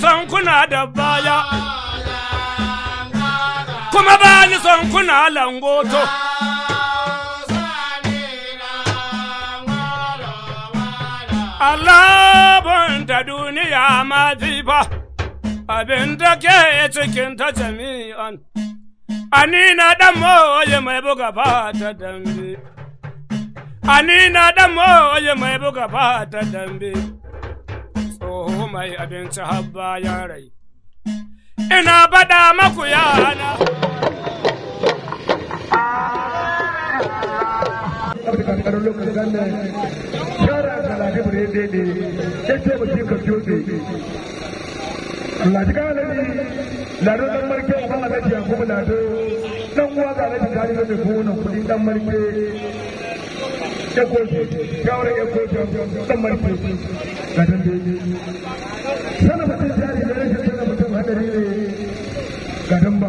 son kuna da baya, kuma ba ni son kuna langoto. Alabanta duniya mazifa, abin da ke cikin ta jami'an, ani na ɗan moye mai buga fata dambe. Ani na ɗan moye mai buga fata dambe, tsoho mai abinci har bayan rai. Ina faɗa maku yana. Afirka ƙarfi lokacin jibre ne ne ya ce mu ka jobe ladi ka ladi lado dan marke ba a ladi yakubu lado dan uwa ga ladi kari da ko wannan kudi dan marke ya koke gawar ya koke dan marke ga dan bebe sana mutum jari da rashin sana mutum hadari ne ga dan ba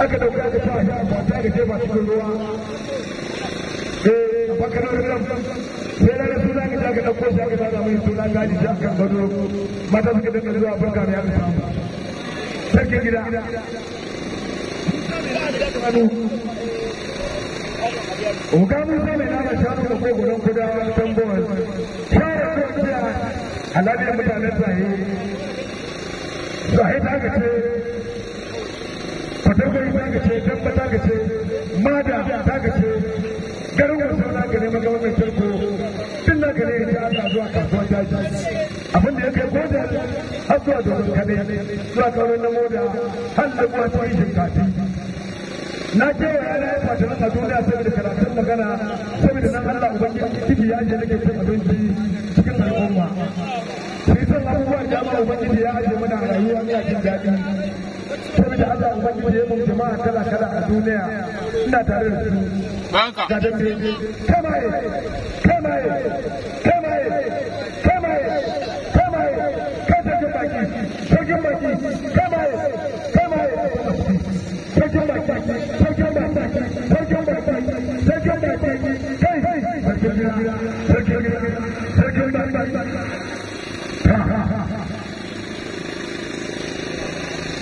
aka dauki aka sa shi a kwata aka jefa cikin ruwa a eh, bakanar nan sai na rasu za ka ɗauko shi aka zaza mai suna gaji shi akan gado mata suka dinga zuwa barka da ya ka samu sarkin gida Oga Musa mai nama shanu da gudan kuda tambuwan share ko kuda alabi mutanen sahi sahi ta ga ce kwatagwari ta gace gamba ta gace mada ta gace garin wasu na gane magawa mai tarko duk na gane ya ta zuwa kasuwar daji abin da ya kai goda har zuwa domin kane zuwa kauran na moda har da kuma ta yi shinkati na ce wa yana ya fata na duniya saboda karatun magana saboda nan allah ubangiji ciki ya je nake cin abinci cikin al'umma sai san abubuwan da ya ubangiji ya aje mana rayuwa ne a jin daɗi saboda Allah ubangiji ya mun jama'a kala kala a duniya ina tare da su ga dambe kamaye kamaye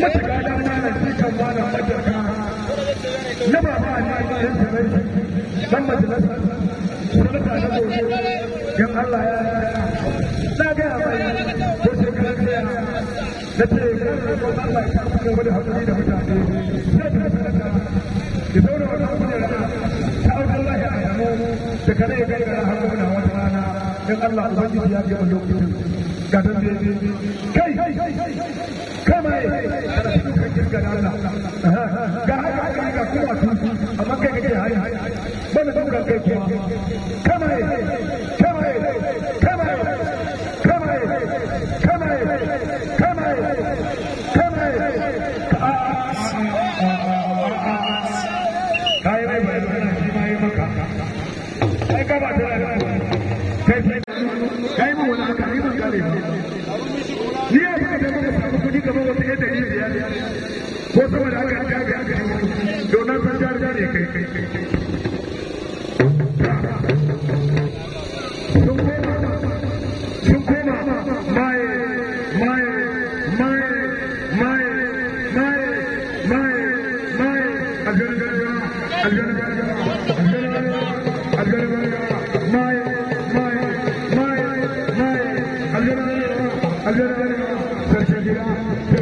matuƙa ta malam dukkan malam matuƙa na ba ba na yin sanarci dan majalisa sanata na gobe yan Allah ya na ga ya bai ko sai ka tsaya na ce kan ko Allah ya kafa gaba da hakuri da mutane sai ka sanata ki zauna wannan kujera ta Allah ya adamu da kare ya gaira har gwamna wata rana dan Allah ubangiji ya ji wannan lokacin ga dambe kuma अगर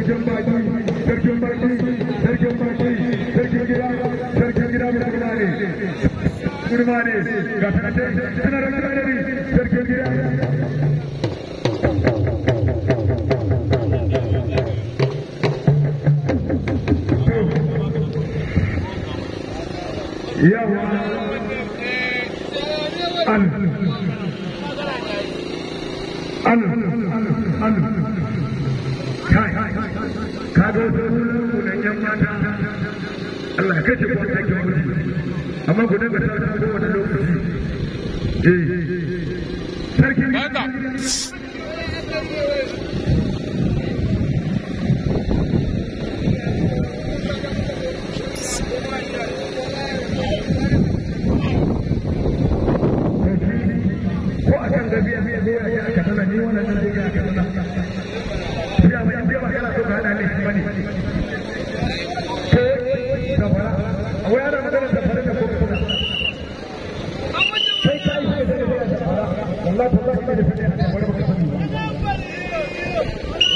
साम्हूं kowa ne ga tanatai gida yawa an an an ka ga wasu kunan yan mata Allah ya kace amma ku dinga tana kowane lokaci eh sarkin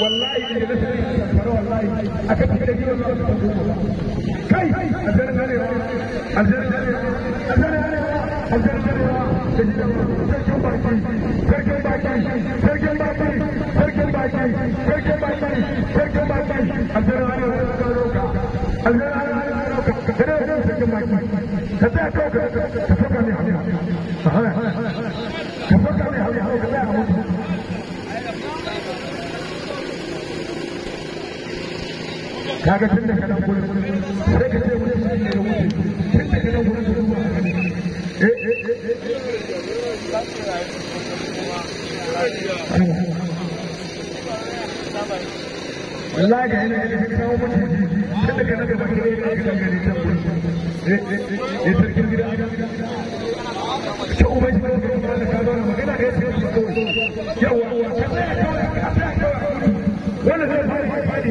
wallahi da da a kan da da kai ka ka ka ka kaga tun da sai ka ce wani shi ne tun da ka eh eh eh, eh. ga yana yana kawo mutum tun da ta eh eh eh, eh gida ubai shi da na magana da ya ce kawai yawa ka tsaya kawai ka tsaya kawai zai fara fadi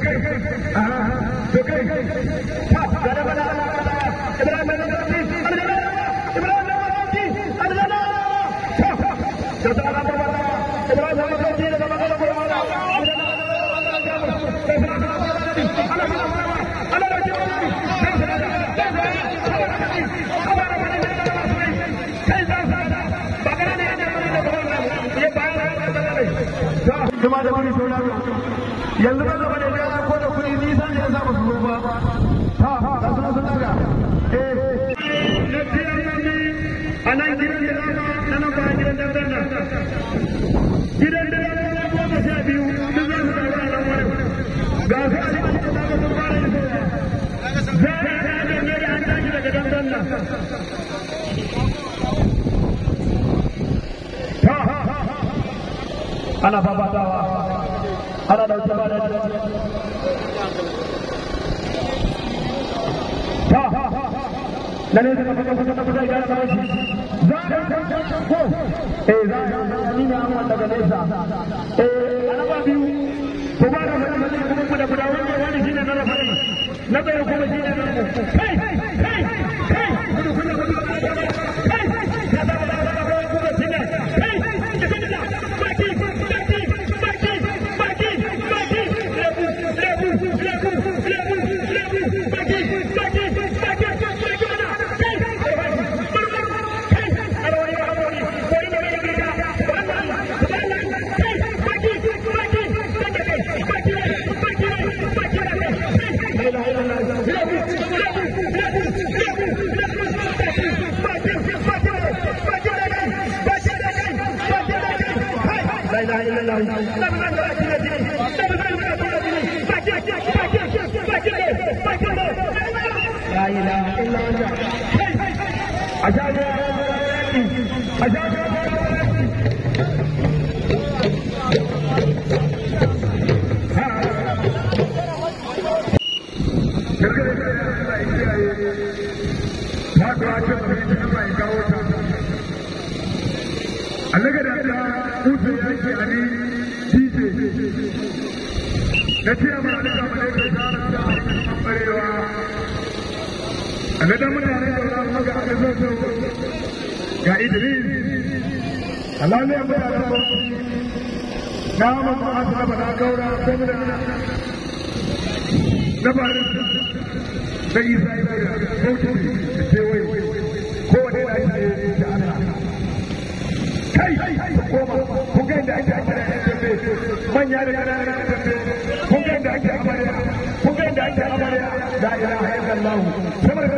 kuma da wani sauna yanzu ba zama da ya ko da nisan da ya su ba ta suna sun daga na biyar yanzu a nan gidan da zama na nan ba gidan da zama gidan da zama na goma sha biyu duk za su daga nan wani ga su a cikin da zama sun fara yin sauya za a yi ta hanyar ne da an tashi daga dandan ana babatawa ana dauke ba da ta da ne shi za ka ko eh za ka ni daga nesa eh ana ba biyu ko ba da fata fata kuma da guda wani shine na rafa na bai kuma shine na rafa Let's hear about it. annabi muna rai da Allah ga aka zo ga Idris Allah ne ya fara da na mu ba su da bada gaura ko da na ba da Isa ya ko ki sai wai ko da ya yi da Allah kai ko ba ku ga inda ake ake ku ake ake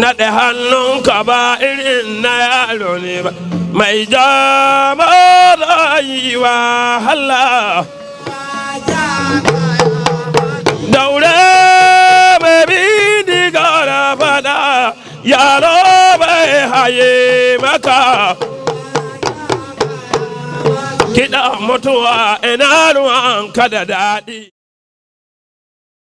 naɗe ka ba irin na yaro ne ba mai jama ayi wahala. halla daure mai bi diga da fada yaro bai haye maka kiɗa mutuwa ina ruwan ka da daɗi